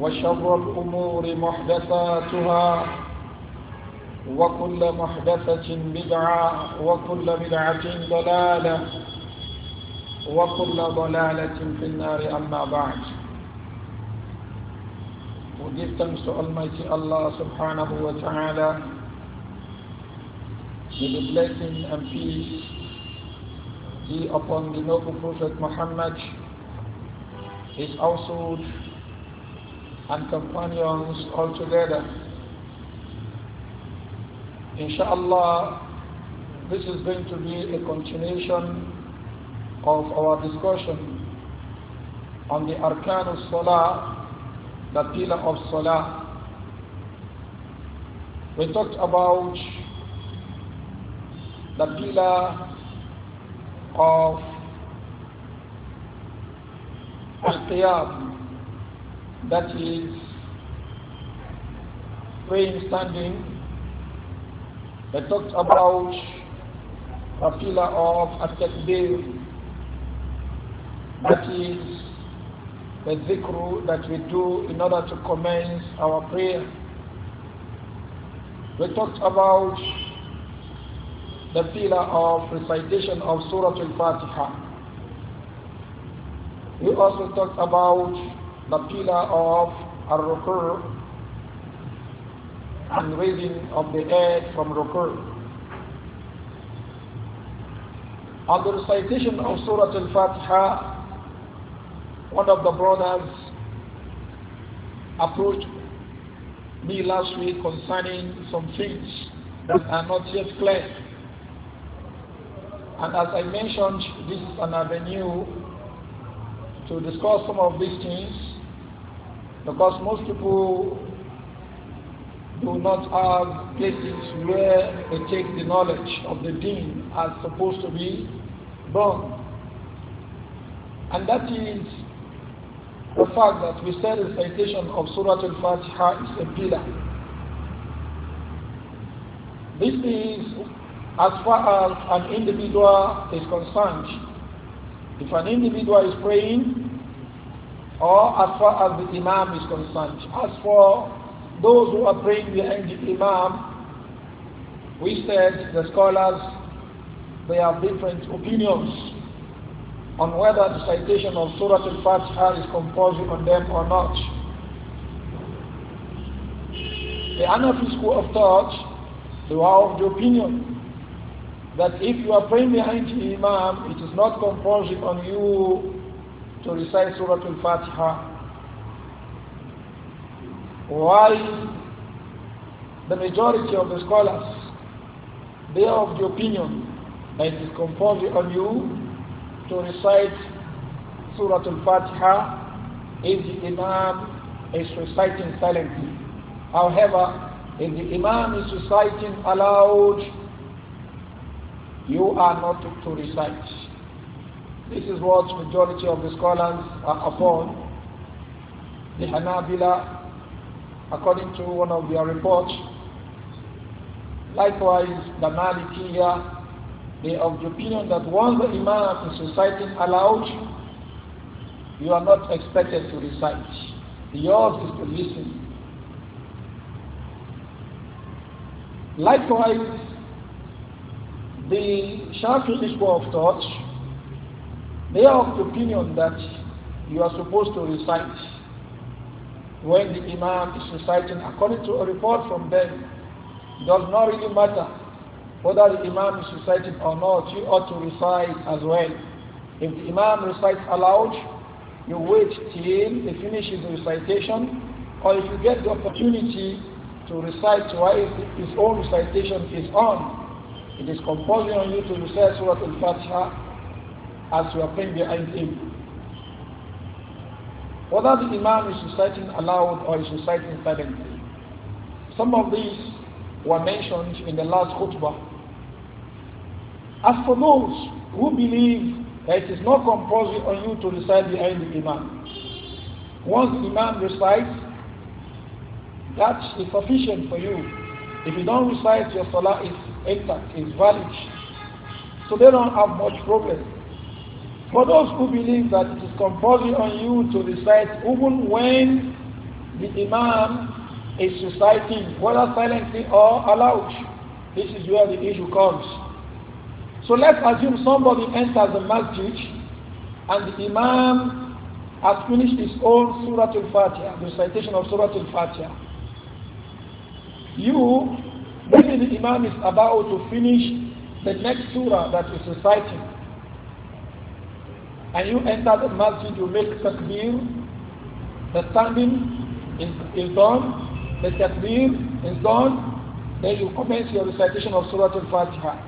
وشر الأمور محدثاتها وكل محدثة بدعة وكل بدعة ضلالة وكل ضلالة في النار أما بعد وجدت سؤال ما الله سبحانه وتعالى من blessing and peace be upon the noble prophet Muhammad his household and companions altogether. Inshallah, this is going to be a continuation of our discussion on the Arkan of Salah, the pillar of Salah. We talked about the pillar of Al-Qiyam, that is praying standing. We talked about a pillar of a day that is the zikr that we do in order to commence our prayer. We talked about the pillar of recitation of Surah Al-Fatiha. We also talked about the pillar of Ar-Rukur and raising of the head from Rukur. On the recitation of Surah Al-Fatiha, one of the brothers approached me last week concerning some things that are not yet clear. And as I mentioned, this is an avenue to discuss some of these things because most people do not have places where they take the knowledge of the deen as supposed to be born. And that is the fact that we said the citation of Surah Al-Fatiha is a pillar. This is as far as an individual is concerned. If an individual is praying, or as far as the Imam is concerned. As for those who are praying behind the Imam, we said the scholars they have different opinions on whether the citation of Surah Al-Fatiha is compulsory on them or not. The Hanafi school of thought, they are of the opinion that if you are praying behind the Imam, it is not compulsory on you to recite Surah Al-Fatiha. Why the majority of the scholars they are of the opinion that it is compulsory on you to recite Surah Al-Fatiha if the Imam is reciting silently. However, if the Imam is reciting aloud, you are not to recite. This is what majority of the scholars are upon. The Hanabila, according to one of their reports, likewise the Malikiya, they are of the opinion that once the Imam is reciting aloud, you are not expected to recite. Yours is to listen. Likewise, the Shafi'i school of thought they are of the opinion that you are supposed to recite when the Imam is reciting according to a report from them. It does not really matter whether the Imam is reciting or not, you ought to recite as well. If the Imam recites aloud, you wait till he finishes the recitation, or if you get the opportunity to recite while his own recitation is on, it is compulsory on you to recite Surah Al-Fatiha as you are praying behind him. Whether the Imam is reciting aloud or is reciting silently. Some of these were mentioned in the last khutbah. As for those who believe that it is not compulsory on you to recite behind the Imam, once the Imam recites, that is sufficient for you. If you don't recite, your salah is intact, is valid. So they don't have much problem. For those who believe that it is compulsory on you to recite even when the Imam is reciting, whether silently or aloud, this is where the issue comes. So let's assume somebody enters the masjid and the Imam has finished his own Surah Al-Fatiha, the recitation of Surah Al-Fatiha. You, maybe the Imam is about to finish the next Surah that is reciting and you enter the masjid, you make takbir, the standing is, is done, the takbir is done, then you commence your recitation of Surah Al-Fatiha.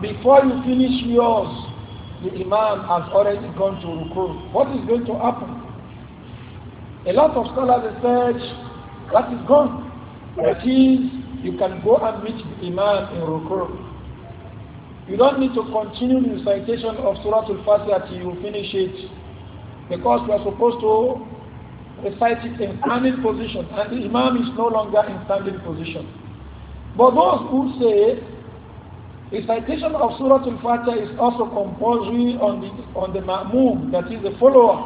Before you finish yours, the Imam has already gone to Ruku. What is going to happen? A lot of scholars research that is gone. That is, you can go and meet the Imam in Ruku. You don't need to continue the recitation of Surah Al-Fatiha till you finish it. Because you are supposed to recite it in standing position. And the Imam is no longer in standing position. But those who say recitation of Surah Al-Fatiha is also compulsory on the, on the Ma'mum, that is the follower.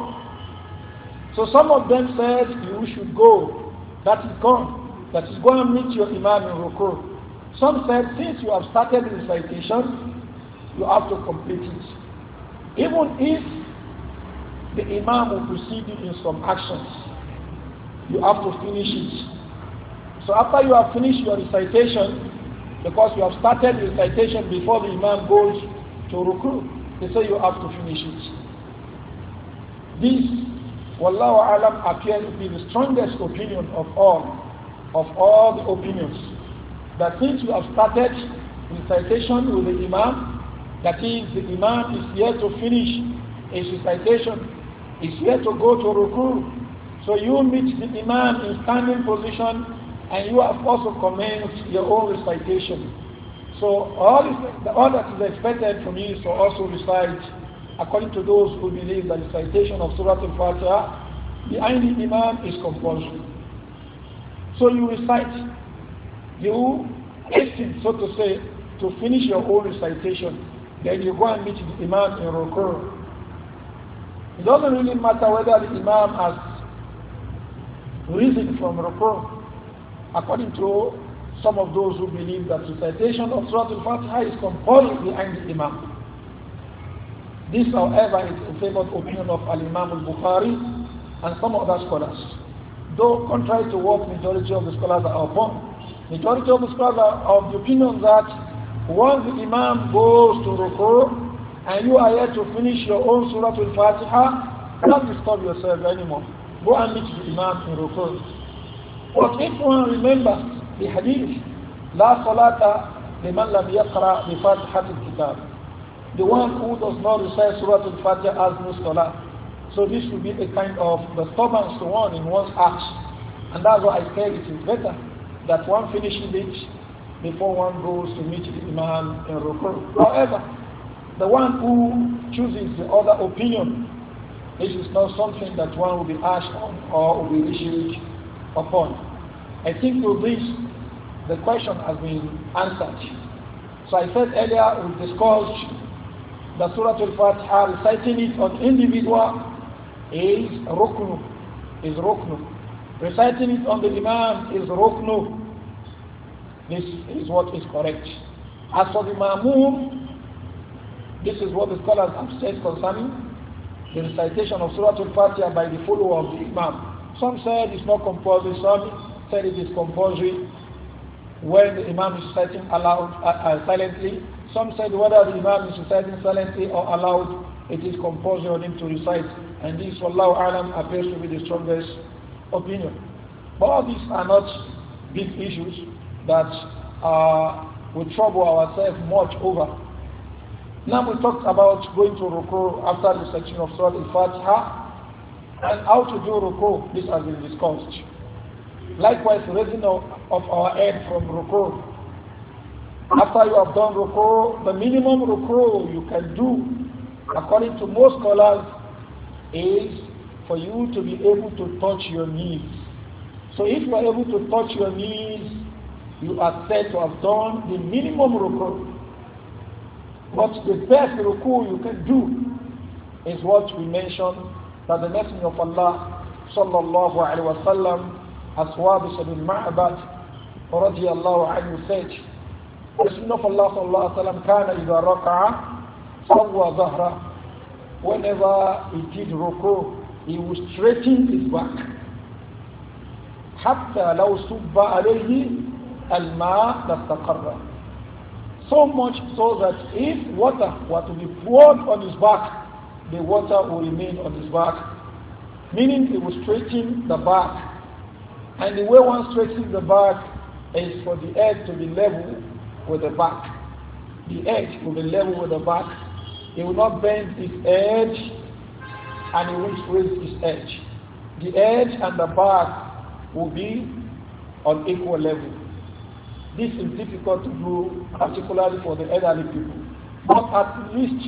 So some of them said, you should go. That is gone. That is go and meet your Imam in Rukur. Some said, since you have started the recitation, you have to complete it. Even if the Imam will precede you in some actions, you have to finish it. So after you have finished your recitation, because you have started recitation before the Imam goes to Ruku, they say you have to finish it. This, Wallahu Alam, appears to be the strongest opinion of all, of all the opinions. That since you have started recitation with the Imam, that is, the Imam is yet to finish his recitation, is yet to go to Ruku. So you meet the Imam in standing position and you have also commenced your own recitation. So all, is, all that is expected from you is to also recite according to those who believe that recitation of Surah Al-Fatiha behind the Imam is compulsory. So you recite, you hasten, so to say, to finish your own recitation. Then you go and meet the Imam in Rukur. It doesn't really matter whether the Imam has risen from Rukur. According to some of those who believe that recitation of Surah Al-Fatiha is compulsory behind the Imam. This, however, is a favored opinion of Al-Imam al-Bukhari and some other scholars. Though contrary to what majority of the scholars are upon, majority of the scholars are of the opinion that once the Imam goes to Ruku and you are yet to finish your own Surah Al-Fatiha, don't disturb yourself anymore. Go and meet the Imam in Ruku. But if one remembers the hadith, La Salata liman lam yaqra bi Fatihat al-Kitab. The one who does not recite Surah Al-Fatiha has no salah. So this will be a kind of disturbance to one in one's heart. And that's why I said it is better that one finishes it before one goes to meet the Imam in Rukur. However, the one who chooses the other opinion, this is not something that one will be asked on or will be issued upon. I think with this, the question has been answered. So I said earlier we discussed the Surah Al-Fatiha, reciting it on individual is ruknu, is ruknu. Reciting it on the Imam is ruknu. This is what is correct. As for the Imam, this is what the scholars have said concerning the recitation of Surah Al-Fatiha by the follower of the Imam. Some said it's not compulsory, some said it is compulsory when the Imam is reciting aloud, uh, uh, silently. Some said whether the Imam is reciting silently or aloud, it is compulsory on him to recite. And this, Wallahu Alam, appears to be the strongest opinion. But all these are not big issues that uh, we trouble ourselves much over. Now we talked about going to Ruku after the section of Surah Al-Fatiha and how to do Ruku. This has been discussed. Likewise, raising of, of our head from Ruku. After you have done Ruku, the minimum Ruku you can do, according to most scholars, is for you to be able to touch your knees. So if you are able to touch your knees, you are said to have done the minimum ruku. But the best ruku you can do is what we mentioned that the Messenger of Allah sallallahu alaihi wasallam as Wabish ibn Ma'bad radiallahu anhu said, the Messenger of Allah sallallahu alaihi wasallam kana sawwa zahra. Whenever he did ruku, he would straightening his back. حتى لو صب عليه al-ma lastaqarra. So much so that if water were to be poured on his back, the water will remain on his back. Meaning he will straighten the back. And the way one straightens the back is for the edge to be level with the back. The edge will be level with the back. He will not bend his edge and he won't raise his edge. The edge and the back will be on equal level. This is difficult to do, particularly for the elderly people. But at least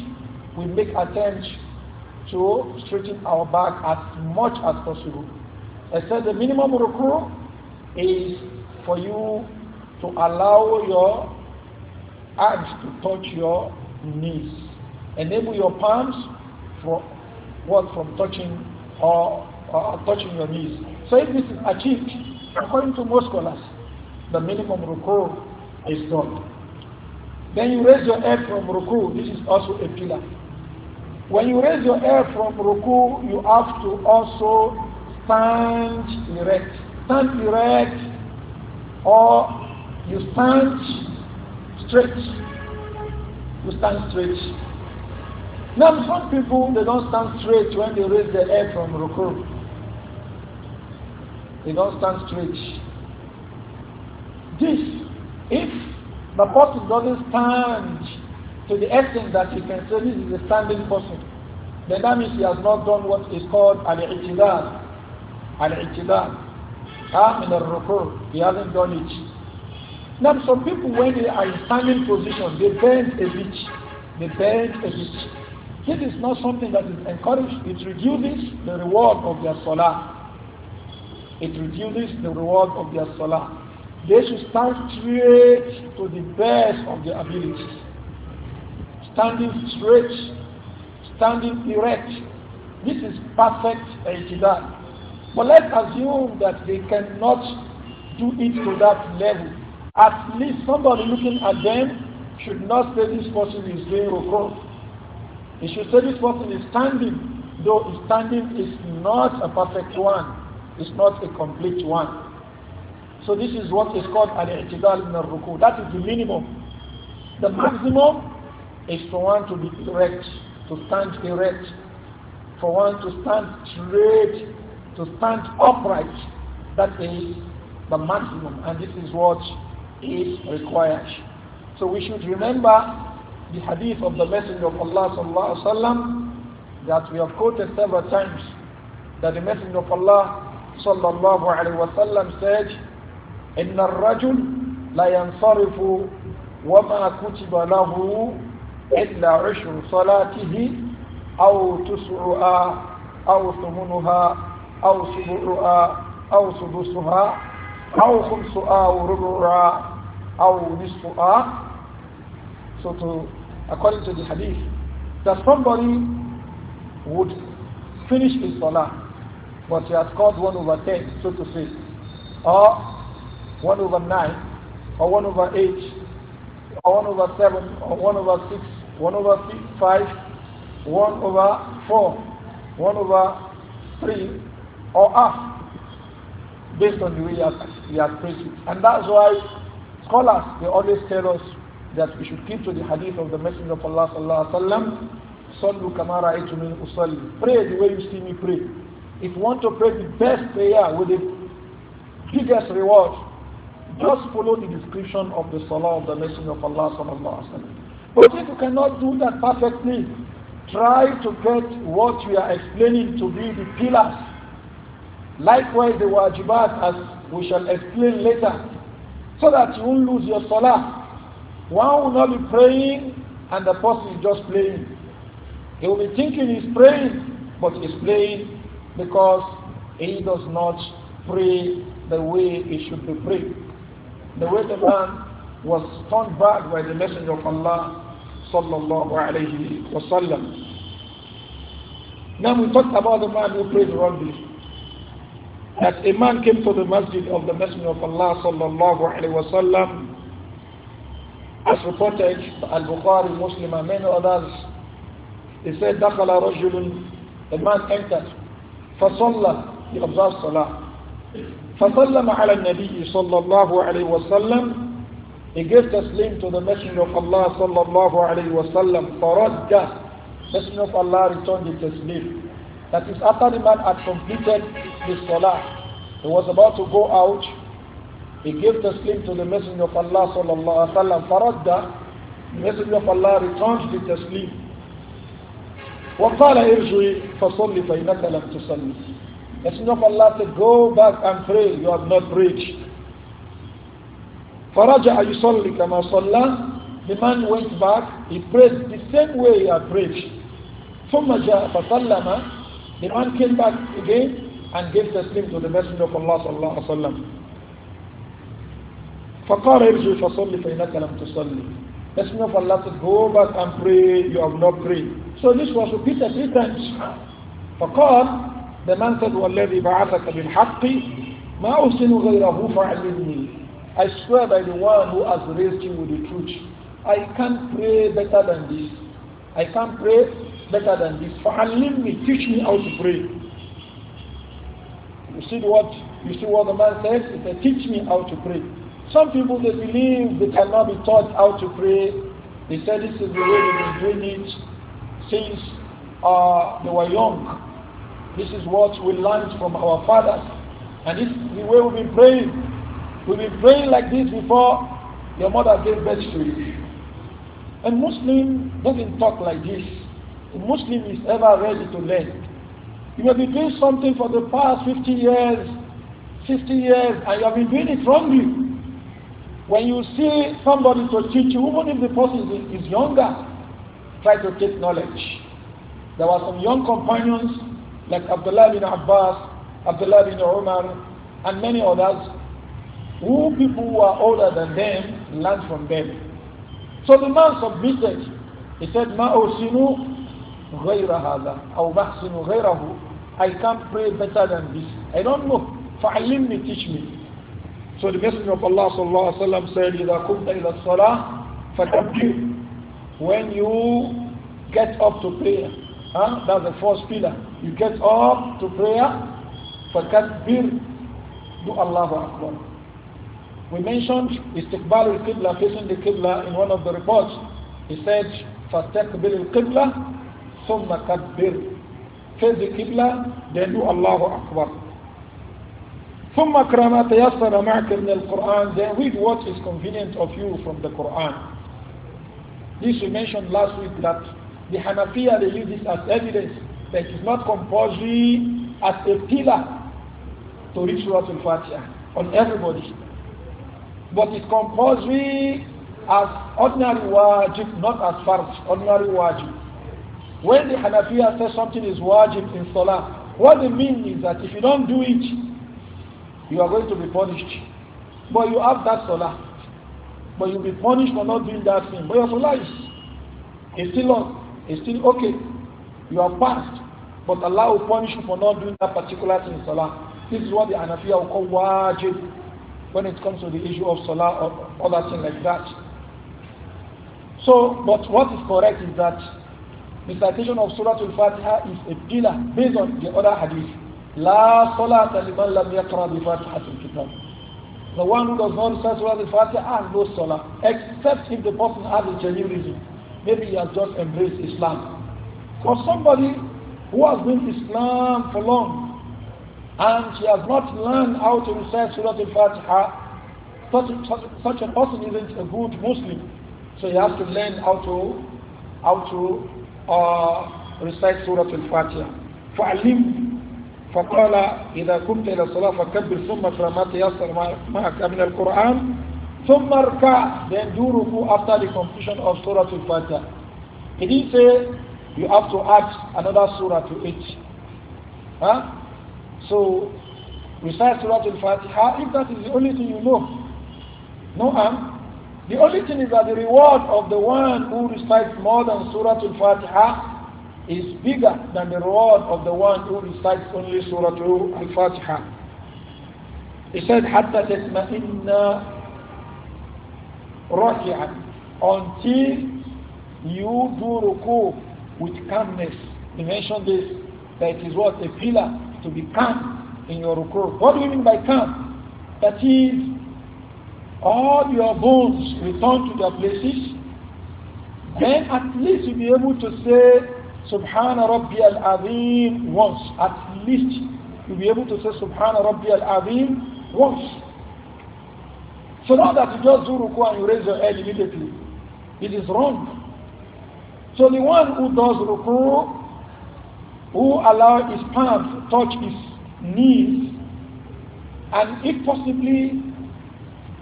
we make attempt to straighten our back as much as possible. I said the minimum ruku is for you to allow your arms to touch your knees. Enable your palms from what from touching or, or touching your knees. So if this is achieved, according to most scholars, the minimum ruku is done. Then you raise your head from ruku, this is also a pillar. When you raise your head from ruku, you have to also stand erect. Stand erect or you stand straight. You stand straight. Now some people they don't stand straight when they raise their head from ruku. They don't stand straight. This, if the person doesn't stand to the extent that he can say this is a standing person, then that means he has not done what is called al-i'tidal. Al-i'tidal. Ah, in al-rukur. He hasn't done it. Now, some people, when they are in standing position, they bend a bit. They bend a bit. This is not something that is encouraged. It reduces the reward of their salah. It reduces the reward of their salah. They should stand straight to the best of their abilities. Standing straight, standing erect. This is perfect ijtihad. But let's assume that they cannot do it to that level. At least somebody looking at them should not say this person is doing rukur. He should say this person is standing, though standing is not a perfect one, it's not a complete one. So this is what is called al-i'tidal min al-ruku. That is the minimum. The maximum is for one to be erect, to stand erect, for one to stand straight, to stand upright. That is the maximum, and this is what is required. So we should remember the hadith of the Messenger of Allah sallallahu alaihi wasallam that we have quoted several times. That the Messenger of Allah sallallahu alaihi wasallam said. inna الرجل لا ينصرف وما كتب له kutiba عشر صلاته ushru salatihi aw tus'uha aw thumunuha aw subu'uha aw sudusuha aw khumsuha aw نصفها. so to according to the hadith that somebody would finish his salah, but he has caught one over ten, so to say, or 1 over 9, or 1 over 8, or 1 over 7, or 1 over 6, 1 over 5, 1 over 4, 1 over 3, or half, based on the way you are praying. And that's why scholars, they always tell us that we should keep to the hadith of the Messenger of Allah sallallahu alaihi wasallam. Sallu kama min usalli. Pray the way you see me pray. If you want to pray the best prayer with the biggest reward, just follow the description of the Salah of the Messenger of Allah sallallahu But if you cannot do that perfectly, try to get what we are explaining to be the pillars. Likewise, the wajibat, as we shall explain later, so that you won't lose your Salah. One will not be praying and the person is just playing. He will be thinking he's praying, but he's playing because he does not pray the way he should be prayed the way the man was turned back by the Messenger of Allah sallallahu alayhi wasallam. Now we talked about the man who prayed wrongly. That a man came to the masjid of the Messenger of Allah sallallahu alayhi wasallam as reported by Al-Bukhari, Muslim and many others. He said, دخل رجل, the man entered. فصلى, he observed salah. فسلم على النبي صلى الله عليه وسلم He gave taslim to the Messenger of Allah صلى الله عليه وسلم فرد Messenger of Allah returned the taslim That is after the man had completed his salah He was about to go out He gave taslim to the Messenger of Allah صلى الله عليه وسلم فرد The Messenger of Allah returned the taslim وقال ارجوي فصلي فإنك لم تصلي Messenger of Allah said, Go back and pray, you have not prayed. Faraja Ayusolli Kama Sallah, the man went back, he prayed the same way he had prayed. Fumaja Fasallama, the man came back again and gave the taslim to the Messenger of Allah Sallallahu Alaihi Wasallam. فقال ارجع فصل فإنك لم تصلي Messenger of Allah to go back and pray, you have not prayed. So this was repeated three times. فقال the man said, وَالَّذِي بَعَثَكَ بِالْحَقِّ مَا أُحْسِنُ غَيْرَهُ فَعَلِمْنِي I swear by the one who has raised you with the truth. I can't pray better than this. I can't pray better than this. فَعَلِمْنِي Teach me how to pray. You see what you see what the man says? He said, teach me how to pray. Some people they believe they cannot be taught how to pray. They say this is the way they've been doing it since uh, they were young. This is what we learned from our fathers. And this is the way we've been praying. We've been praying like this before your mother gave birth to you. A Muslim doesn't talk like this. A Muslim is ever ready to learn. You have been doing something for the past 50 years, 60 years, and you have been doing it wrongly. When you see somebody to teach you, even if the person is younger, try to take knowledge. There were some young companions like Abdullah bin Abbas, Abdullah bin Umar, and many others, who people who are older than them learned from them. So the man submitted. He said, Ma osinu غير هذا I can't pray better than this. I don't know. فعلمني teach me. So the Messenger of Allah صلى الله عليه وسلم said إذا قمت إلى الصلاة فكبر When you get up to prayer, huh? that's the first pillar. You get up to prayer, فَكَبِّرْ Do Allahu Akbar. We mentioned istiqbal al-qibla, facing the qibla in one of the reports. He said, فَاسْتَقْبِلْ الْقِبْلَ ثُمَّ كَبِّرْ Face the qibla, then do Allahu Akbar. ثم اقرأ ما تيسر معك من القرآن then read what is convenient of you from the Quran. This we mentioned last week that the Hanafiya they use this as evidence but it's not compulsory as a pillar to read Surah al on everybody. But it's compulsory as ordinary wajib, not as as ordinary wajib. When the Hanafiya says something is wajib in Salah, what they mean is that if you don't do it, you are going to be punished. But you have that Salah. But you'll be punished for not doing that thing. But your Salah is, is still on, it's still okay. You have passed, but Allah will punish you for not doing that particular thing in Salah. This is what the Anafiya will call wajib when it comes to the issue of Salah or other thing like that. So, but what is correct is that recitation of Surah Al-Fatiha is a pillar based on the other hadith. La salata liman lam bi Fatihatul Kitab. The one who does not recite Surah Al-Fatiha has no salah, except if the person has a genuine reason. Maybe he has just embraced Islam for somebody who has been Islam for long and she has not learned how to recite Surah Al-Fatiha, such, such, such a person isn't a good Muslim. So he has to learn how to how to uh, recite Surah Al-Fatiha. فعلم فقال إذا كنت إلى الصلاة فكبر ثم ما تيسر معك من القرآن ثم اركع then do ruku after the completion of Surah Al-Fatiha. He didn't say you have to add another surah to it. Huh? So recite Surah Al-Fatiha if that is the only thing you know. No harm. The only thing is that the reward of the one who recites more than Surah Al-Fatiha is bigger than the reward of the one who recites only Surah Al-Fatiha. He said, حَتَّى تَسْمَئِنَّ رَكِعًا Until you do ruku with calmness. He mentioned this, that it is what? A pillar to be calm in your rukur. What do you mean by calm? That is, all your bones return to their places, then at least you'll be able to say, Subhana Rabbi al Azim once. At least you'll be able to say, Subhana Rabbi al Azim once. So now that you just do ruku and you raise your head immediately, it is wrong. So the one who does ruku, who allows his pants to touch his knees, and if possibly,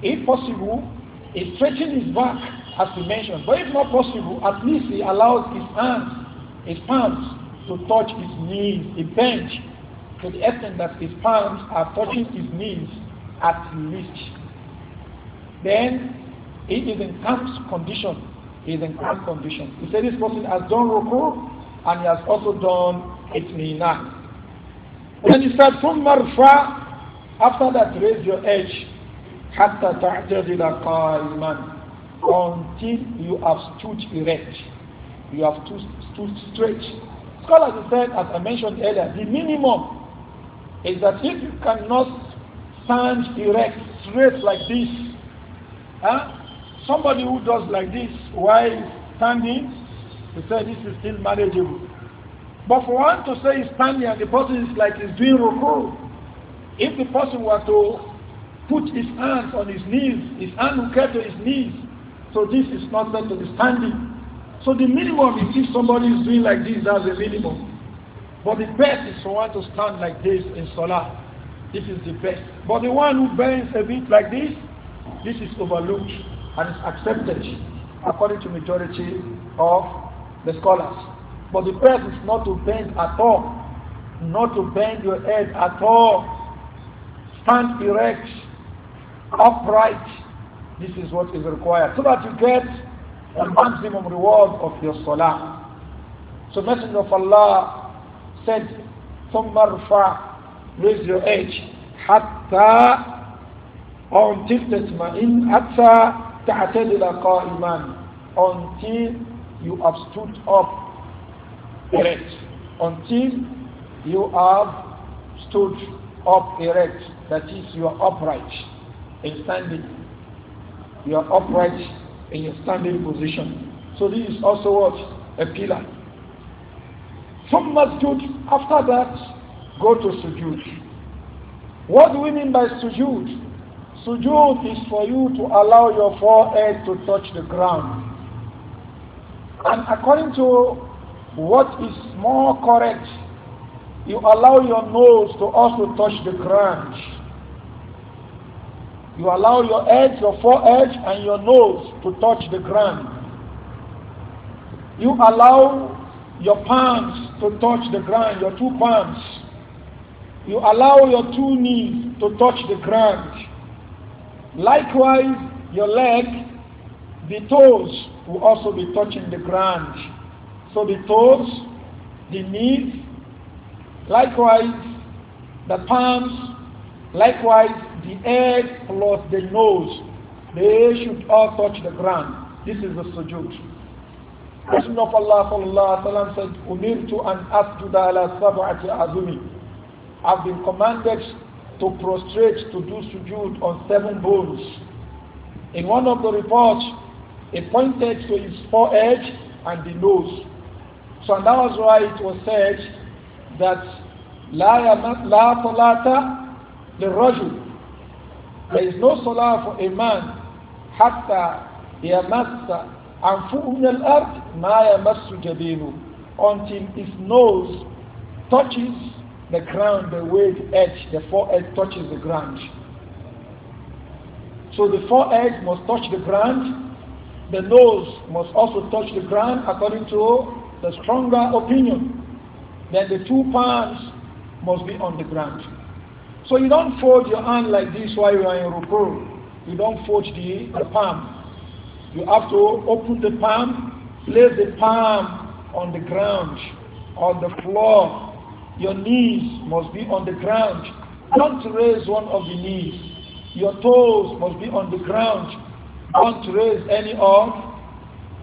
if possible, is stretching his back as we mentioned. But if not possible, at least he allows his hands, his palms, to touch his knees, the bench, to the extent that his palms are touching his knees at least. Then he is in camp condition he is in bad condition. He said this person has done roku, and he has also done itmina. Then he said, from marfa, after that raise your edge, hatta ta'jazila qaiman, until you have stood erect. You have stood, stood straight. Scholars have said, as I mentioned earlier, the minimum is that if you cannot stand erect, straight like this, huh, somebody who does like this while standing, he said this is still manageable. But for one to say he's standing and the person is like he's doing ruku, if the person were to put his hands on his knees, his hand will get to his knees, so this is not that to be standing. So the minimum is if somebody is doing like this, that's the minimum. But the best is for one to stand like this in Salah. This is the best. But the one who bends a bit like this, this is overlooked and is accepted according to majority of the scholars. But the prayer is not to bend at all, not to bend your head at all. Stand erect, upright. This is what is required so that you get the maximum reward of your salah. So Messenger of Allah said, ثم raise your edge hatta on until تسمعين hatta." تَعْتَدِلَ قَائِمًا Until you have stood up erect. Until you have stood up erect. That is, you are upright in standing. You are upright in your standing position. So this is also what? A pillar. Some must after that go to sujood. What do we mean by sujood? Sujood is for you to allow your forehead to touch the ground. And according to what is more correct, you allow your nose to also touch the ground. You allow your head, your forehead, and your nose to touch the ground. You allow your palms to touch the ground, your two palms. You allow your two knees to touch the ground. Likewise, your leg, the toes will also be touching the ground. So the toes, the knees, likewise the palms, likewise the head plus the nose, they should all touch the ground. This is the sujood. Messenger of Allah sallallahu alaihi wasallam said, "Umirtu an asjuda ala sab'ati azumi." I've been commanded to prostrate to do sujood on seven bones. In one of the reports, it pointed to his forehead and the nose. So and that was why it was said that La salata the rajul. There is no salah for a man hatta yamassa and min al-ard ma yamassu jabinuhu until his nose touches the ground, the wave edge, the forehead touches the ground. So the forehead must touch the ground, the nose must also touch the ground according to the stronger opinion. Then the two palms must be on the ground. So you don't fold your hand like this while you are in ruku. You don't fold the, the palm. You have to open the palm, place the palm on the ground, on the floor, your knees must be on the ground. Don't raise one of the knees. Your toes must be on the ground. Don't raise any of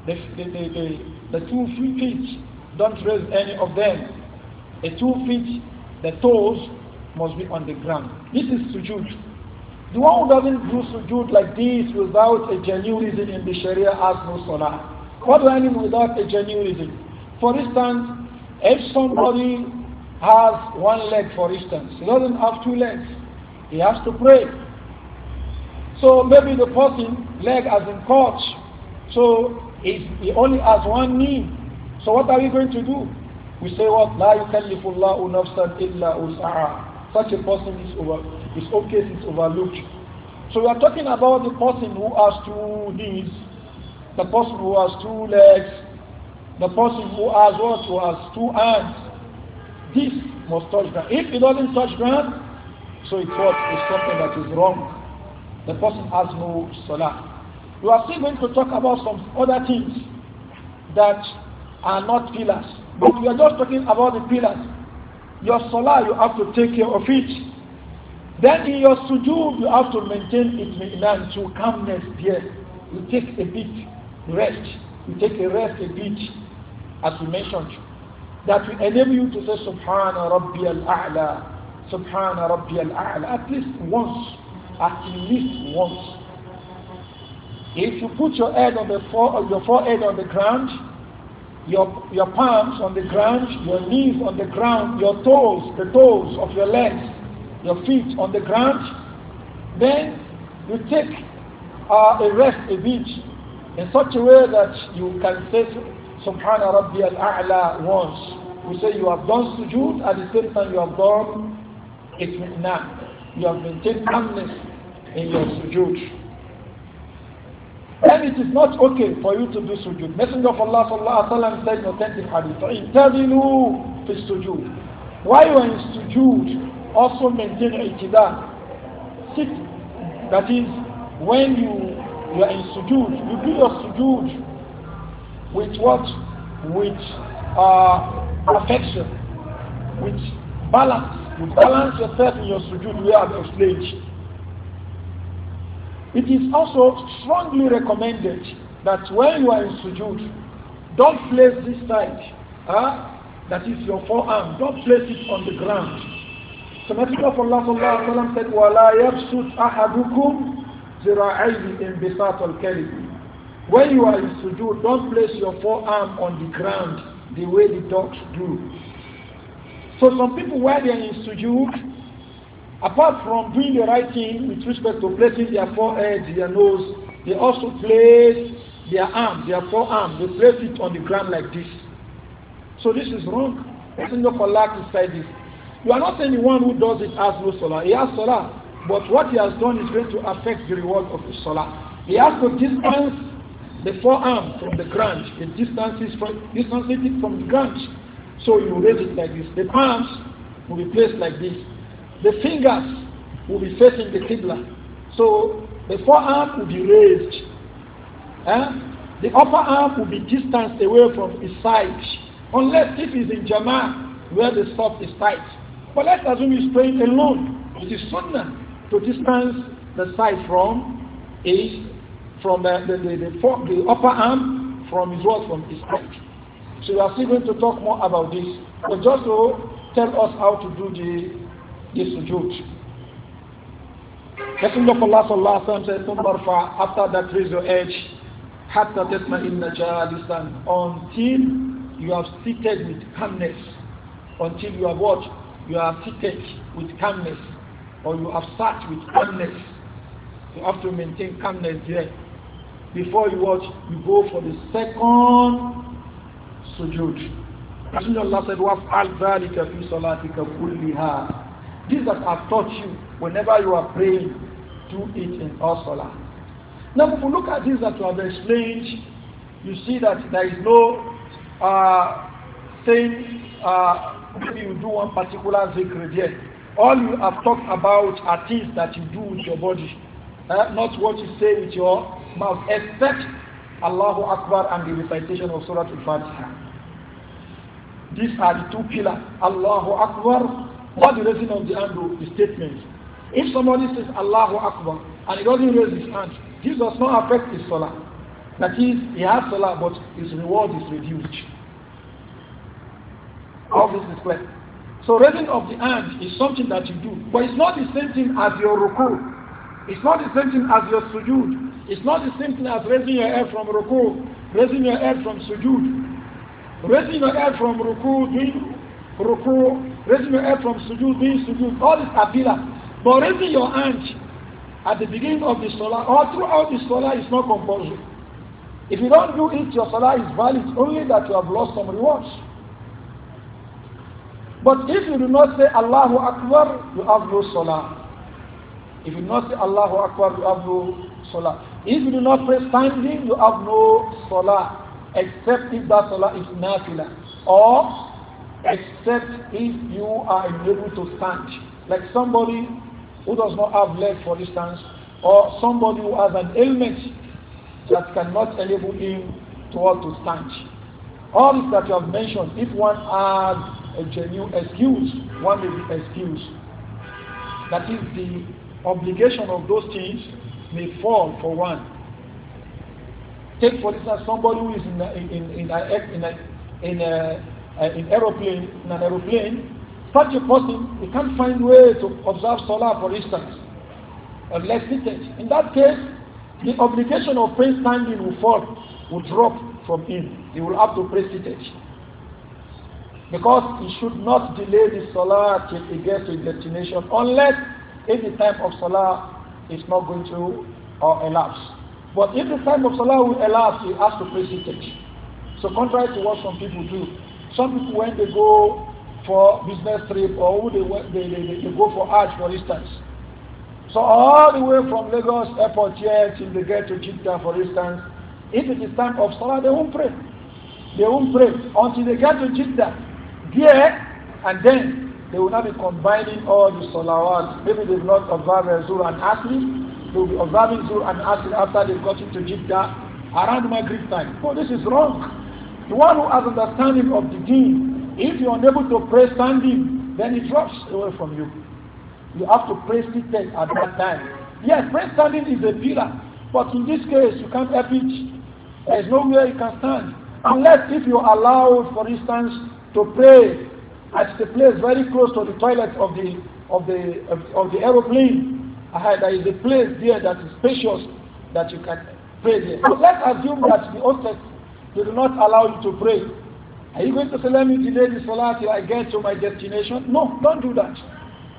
the, the, the, the, the two feet. Don't raise any of them. The two feet, the toes must be on the ground. This is sujood. The one who doesn't do sujood like this without a genuine reason in the Sharia has no salah. What do I mean without a genuine reason? For instance, if somebody has one leg, for instance, he doesn't have two legs. He has to pray. So maybe the person leg has been caught, so he only has one knee. So what are we going to do? We say what? La yukallifullahu nafsan illa us'aha. Such a person is over, his own case is overlooked. So we are talking about the person who has two knees, the person who has two legs, the person who has what? Who has two hands. This must touch ground. If it doesn't touch ground, so it's something that is wrong. The person has no salah. We are still going to talk about some other things that are not pillars. But we are just talking about the pillars. Your salah, you have to take care of it. Then in your sujood, you have to maintain it maintenance to calmness Here You take a bit rest. You take a rest a bit, as we mentioned that will enable you to say Subhana Rabbi al-A'la, Subhana Rabbi al-A'la, at least once, at least once. If you put your head on the fore, your forehead on the ground, your, your palms on the ground, your knees on the ground, your toes, the toes of your legs, your feet on the ground, then you take uh, a rest a bit in such a way that you can say Subhana Rabbi al-A'la once. We say you have done sujood, at the same time you have done itmi'nan. You have maintained calmness in your sujood. Then it is not okay for you to do sujood. Messenger of Allah sallallahu alaihi wasallam said in authentic hadith, "Intabilu fi sujood." Why you in sujood, also maintain itidal. Sit. That is, when you you are in sujood, you do your sujood with what? With uh, affection, with balance. You balance yourself in your sujood, we have explained. It is also strongly recommended that when you are in sujood, don't place this side, huh? that is your forearm, don't place it on the ground. So Messenger of Allah sallallahu alayhi wa sallam said, وَلَا يَبْسُطْ أَحَدُكُمْ ذِرَاعَيْهِ إِنْبِسَاطَ الْكَلِمِ When you are in sujood, don't place your forearm on the ground the way the dogs do. So some people, while they are in sujood, apart from doing the right thing with respect to placing their forehead, their nose, they also place their arm, their forearm, they place it on the ground like this. So this is wrong. Messenger of Allah is like this. You are not saying the one who does it as no salah. He has salah, but what he has done is going to affect the reward of the salah. He has to distance the forearm from the ground, the distance is from distancing it from the ground. So you raise it like this. The palms will be placed like this. The fingers will be facing the kibla, So the forearm will be raised. Eh? The upper arm will be distanced away from his side. Unless if in jama where the stop is tight. But let's assume he's praying alone. It is sunnah to distance the side from his from the, the, the, the, the upper arm from his what? From his neck. So we are still going to talk more about this. But just to tell us how to do the, the sujood. Messenger of Allah sallallahu alayhi wa said, after that raise your edge, hatta tesma in jalisan, until you have seated with calmness, until you have what? You have seated with calmness, or you have sat with calmness. You have to maintain calmness there before you watch, you go for the second sujood. Rasulullah said, وَفْعَلْ ذَلِكَ فِي صَلَاتِكَ كُلِّهَا These that have taught you whenever you are praying, do it in all salah. Now, if you look at this that you have explained, you see that there is no uh, thing, uh, maybe you do one particular zikr yet. All you have talked about are things that you do with your body uh, not what you say with your mouth, except Allahu Akbar and the recitation of Surah Al-Fatiha. These are the two pillars. Allahu Akbar, what the raising of the hand do? The statement. If somebody says Allahu Akbar and he doesn't raise his hand, this does not affect his salah. That is, he has salah but his reward is reduced. All this is clear. So raising of the hand is something that you do, but it's not the same thing as your ruku. It's not the same thing as your sujood. It's not the same thing as raising your head from ruku, raising your head from sujood. Raising your head from ruku, doing ruku, raising your head from sujood, doing sujood. All is abila. But raising your hand at the beginning of the salah or throughout the salah is not compulsory. If you don't do it, your salah is valid, only that you have lost some rewards. But if you do not say Allahu Akbar, you have no salah. If you do not say Allahu Akbar, you have no salah. If you do not pray standing, you have no salah, except if that salah is nafila, or except if you are able to stand. Like somebody who does not have legs, for instance, or somebody who has an ailment that cannot enable him to walk to stand. All this that you have mentioned, if one has a genuine excuse, one may be excused. That is the obligation of those things may fall for one. Take for instance somebody who is in a, in in a, in a, in a, uh, in aeroplane in an aeroplane. Such a person he can't find way to observe solar for instance, unless takes. In that case, the obligation of pre standing will fall, will drop from him. He will have to pray seated. Because he should not delay the solar till he gets to his destination unless if the time of Salah is not going to or elapse. But if the time of Salah will elapse, you have to precede So contrary to what some people do, some people when they go for business trip or they, they, they, they go for Hajj, for instance, so all the way from Lagos airport here till they get to Jeddah, for instance, if it is time of Salah, they won't pray. They won't pray until they get to Jeddah. There and then they will not be combining all the salawat. Maybe they've not observed Zuhr and Asri. They will be observing Zuhr and Asri after they got into Jeddah around Maghrib time. Oh, this is wrong. The one who has understanding of the deen, if you are unable to pray standing, then it drops away from you. You have to pray seated at that time. Yes, prayer standing is a pillar, but in this case, you can't help it. There is no where you can stand. Unless if you allow, for instance, to pray at the place very close to the toilet of the of the of, of the aeroplane. Uh, there is a place there that is spacious that you can pray there. So let's assume that the hostess will not allow you to pray. Are you going to say, let me delay the salah till I get to my destination? No, don't do that.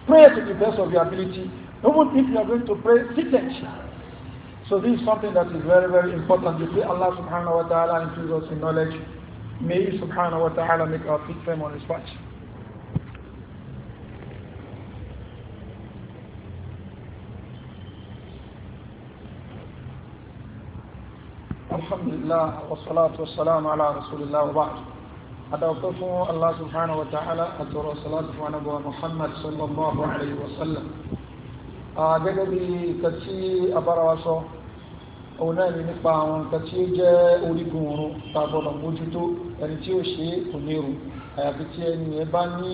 Pray to the best of your ability, even if you are going to pray seated. So this is something that is very, very important. You pray Allah subhanahu wa ta'ala increase us in knowledge. May Allah subhanahu wa ta'ala make our feet firm on His path. alhamdulillah wasalaatu wasalaamu ala rasulillah wa ba'd adawko fún allah subhanahu wa ta'ala àtọrọ salatu fún anabuwa muhammad sallallahu alayhi wa sallam ah, gẹ́gẹ́ bí nǹkan tí abára wa sọ òun náà ní nípa àwọn nǹkan tí ó jẹ́ orígun oorun tá a gbọ́dọ̀ mójútó ẹni tí ó ṣe kò ní rò àyàfi tí ẹni yẹn bá ní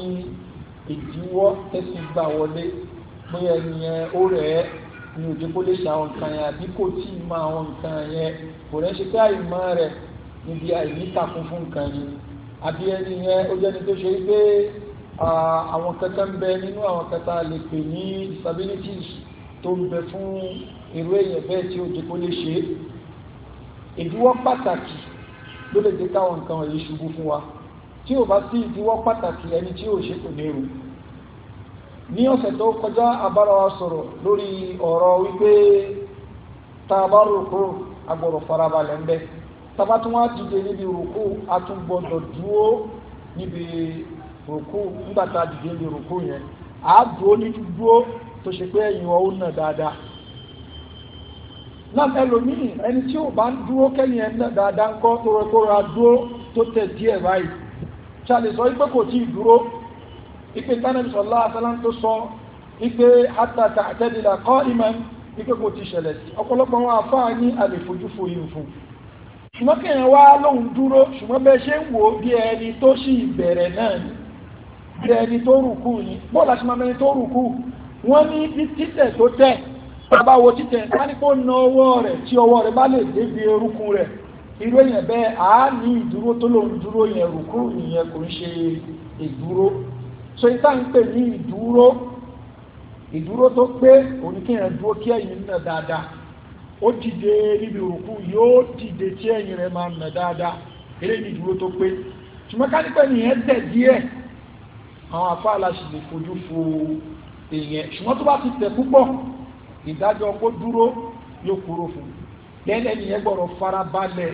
ìdíwọ́ tẹ́sí ni òjò kó lè ṣe àwọn nǹkan yẹn àbí kò tí ì mọ àwọn nǹkan yẹn kò rẹ́ ṣe pé àìmọ̀ rẹ̀ níbi àìníta fún fún nǹkan yìí àbí ẹni yẹn ó jẹ́ni tó ṣe pé àwọn kẹta ń bẹ nínú àwọn kẹta lè pè ní disabilities tó ń bẹ fún irú èèyàn bẹ́ẹ̀ tí òjò kó lè ṣe ìdíwọ́ pàtàkì ló lè dé káwọn nǹkan yìí ṣubú fún wa tí ò bá sí ìdíwọ́ pàtàkì ẹni tí ò ṣe kò ní rò ní ọ̀sẹ̀ tó kọjá abára wa sọ̀rọ̀ lórí ọ̀rọ̀ wípé tá a agbọrọ agbọ̀rọ̀ farabalẹ̀ ń bẹ tàbá tún wá dìde níbi rúkú a tún gbọ́dọ̀ níbi dìde yẹn a dúró ní dúró tó ṣe pé ẹ̀yìn ọ̀hún náà dáadáa náà ẹlòmíì ẹni tí ò bá ń kẹ́yìn ẹ̀ náà ipe tánàbí sọ̀lá àtàlá tó sọ ipe àtàtà àtẹ́dìlà kọ́ ìmọ̀ ipe kò ti ṣẹlẹ̀ sí ọ̀pọ̀lọpọ̀ wọn àfáà ní àlèfojúfo ìrùfún ṣùgbọ́n kẹ̀yìn wá lóhun dúró ṣùgbọ́n bẹ́ẹ̀ ṣe ń wò ó bí ẹni tó ṣì bẹ̀rẹ̀ náà ni bí ẹni tó rùkú ni bọ́ọ̀lù àti mọ́mẹ́ni tó rùkú wọ́n ní bí títẹ̀ tó tẹ̀ bàbá wo títẹ̀ ká na ọwọ́ rẹ̀ tí ọwọ́ rẹ̀ bá lè débi eruku rẹ̀ irú èèyàn bẹ́ẹ̀ àá ní ìdúró tó lóhun dúró yẹn rùkú nìyẹn kò ń ṣe ìdúró so ìta ń pè ní ìdúró ìdúró tó pé oníkíyàn dúró kí ẹ̀yìn nà dáadáa ó dìde níbi òkú yóò dìde tí ẹ̀yìn rẹ̀ máa nà dáadáa eléyìí ìdúró tó pé ṣùgbọ́n ká ní pé nìyẹn tẹ̀ díẹ̀ àwọn afá aláṣẹ lè fojú fo èèyàn ṣùgbọ́n tó bá ti tẹ̀ púpọ̀ ìdájọ́ kó dúró yóò kúrò fún un lẹ́lẹ́ nìyẹn gbọ́dọ̀ farabalẹ̀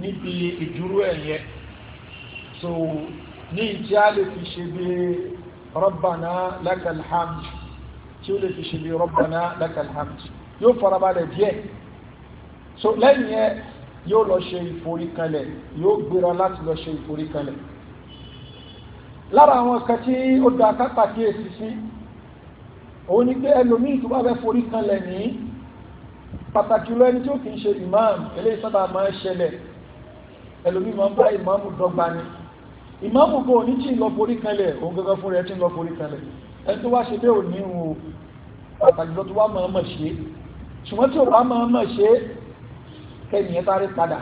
níbi ìdúró ẹ̀yẹn so ní ìtí a lè fi ṣe bí rọ́bàná lákàlhámd tí ó lè fi ṣe bí rọ́bàná lákàlhámd yóò farabalẹ̀ díẹ̀ so lẹ́yìn ẹ yóò lọ ṣe ìforíkanlẹ̀ yóò gbéra láti lọ ṣe ìforíkanlẹ̀ lára àwọn kan tí ó da kápá kí èsì sí òun ni pé ẹlòmíì tó bá fẹ́ foríkanlẹ̀ ní pàtàkì lọ ẹni tí ó kì í ṣe ìmáàmù eléyìí sábà máa ń ṣẹlẹ̀ ẹlòmíì máa ń bá ìmáàmù dọ́gba ni ìmáàmù kò ní tí lọ forí kanlẹ̀ òun gẹ́gẹ́ fún rẹ̀ tí lọ forí kanlẹ̀ ẹni tó wá ṣe bẹ́ẹ̀ ò ní ìhun pàtàkì lọ tó wá máa mọ̀ ṣe ṣùgbọ́n tí ò wá máa mọ̀ ṣe kẹ́nìyàn tá rí padà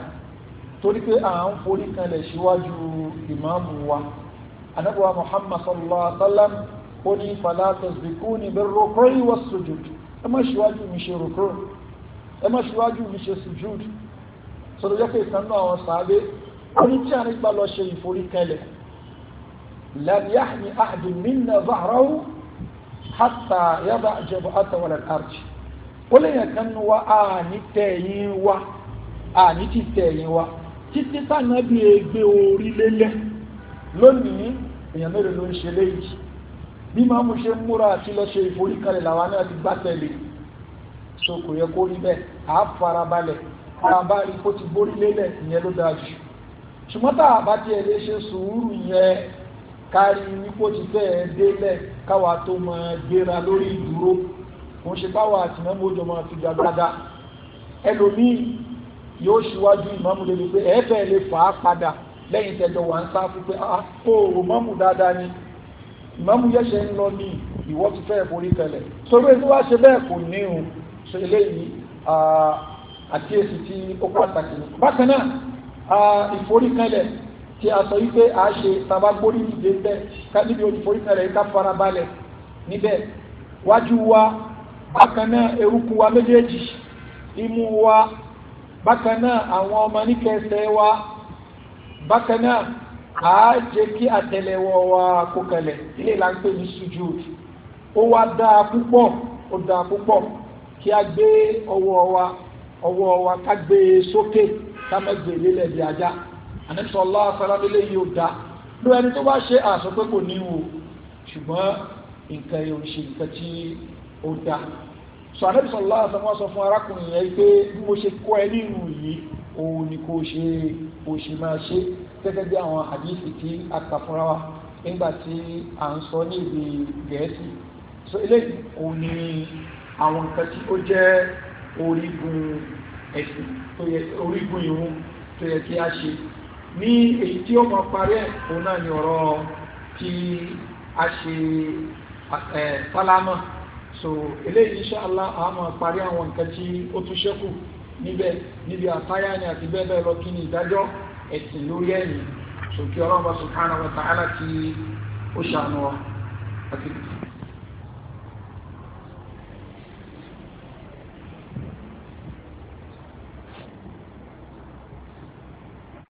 torí pé à ń forí kanlẹ̀ síwájú ìmáàmù wa anábọ̀wá Muhammad sallallahu alaihi wa sallam ó ní fala tasbiquni bir oní tí a ní gbà lọ ṣe ìforíkẹlẹ̀ lẹ́yìn àmì àdùn nínú bàárọ̀ hàtà yàbá àjẹbọ àtàwọn àrùjì ó lè yàn kan wa àní tẹ̀yìn wa àní ti tẹ̀yìn wa títí sáà bí egbe orí lélẹ̀ lónìí èèyàn mélòó ló ń ṣe léyìí bí máa mú ṣe ń múra àti lọ ṣe ìforíkẹlẹ̀ làwọn náà ti gbá so kò yẹ kó rí bẹ́ẹ̀ àá farabalẹ̀ àbá ipò ti borí lélẹ̀ ìyẹn ló dáa jù ṣùgbọ́n tá a bá tiẹ̀ lè ṣe sùúrù yẹn kárí wípó ti bẹ́ẹ̀ délẹ̀ káwa tó máa gbéra lórí ìdúró kò ń ṣe páwa àti mẹ́mú ojò máa fi gbàgbádá ẹlòmíì yóò ṣíwájú ìmáàmù lè rí pé ẹ̀ẹ́fẹ́ lè fà á padà lẹ́yìn tẹ̀jọ wà ń sá fún pé àpò ah, ìmáàmù dáadáa ni ìmáàmù yẹ́ṣẹ́ ń lọ ní ìwọ́ ti fẹ́ borí tẹ̀lẹ̀ sórí ẹni wá ṣe bẹ́ẹ̀ kò ní òun ṣe eléyìí àkíyèsí tí ó pàtàkì bákan náà ìforíkanlẹ̀ tí a sọ wípé a ṣe tàbá gbórí ìdè bẹ́ níbi olùforíkanlẹ̀ ká farabalẹ̀ níbẹ̀ wájú wa bákan náà eruku wa méjèèjì imú wa bákan náà àwọn ọmọ níkẹsẹ̀ wa bákan náà a jẹ́ kí àtẹ́lẹwọ́ wa kó kalẹ̀ ilé là ń pè ní sujud ó wá dáa púpọ̀ ó dáa púpọ̀ kí a gbé ọwọ́ wa ọwọ́ wa ká gbé e sókè. So kámẹ́gbè lélẹ̀ bí ajá àníṣọ́ aláàfẹ́lábílẹ̀ yóò dá ló ẹni tó bá ṣe àṣọ pé kò ní wo ṣùgbọ́n nǹkan yóò ṣe nǹkan tí ó dá sọ àníṣọ́ aláàfẹ́wọ́n sọ fún arákùnrin yẹn pé bí mo ṣe kọ́ ẹ nínú yìí òun ni kò ṣe kò ṣe máa ṣe gẹ́gẹ́ bí àwọn àdífì tí a kà fúnra wa nígbà tí à ń sọ ní ibi gẹ̀ẹ́sì so eléyìí òun ni àwọn nǹkan tí ó jẹ́ orígun ẹ̀sìn tó yẹ orígun ìrun tó yẹ kí a ṣe ní èyí tí ó máa parí ẹ̀ òun náà ni ọ̀rọ̀ tí a ṣe sálámà so eléyìí inṣàlá a máa parí àwọn nǹkan tí ó tún ṣẹ́kù níbẹ̀ níbi àtáyà ni àti bẹ́ẹ̀ bẹ́ẹ̀ lọ kí ni ìdájọ́ ẹ̀sìn lórí ẹ̀yìn so kí ọlọ́run bá subhanahu wa ta'ala kí ó ṣàánú wa àti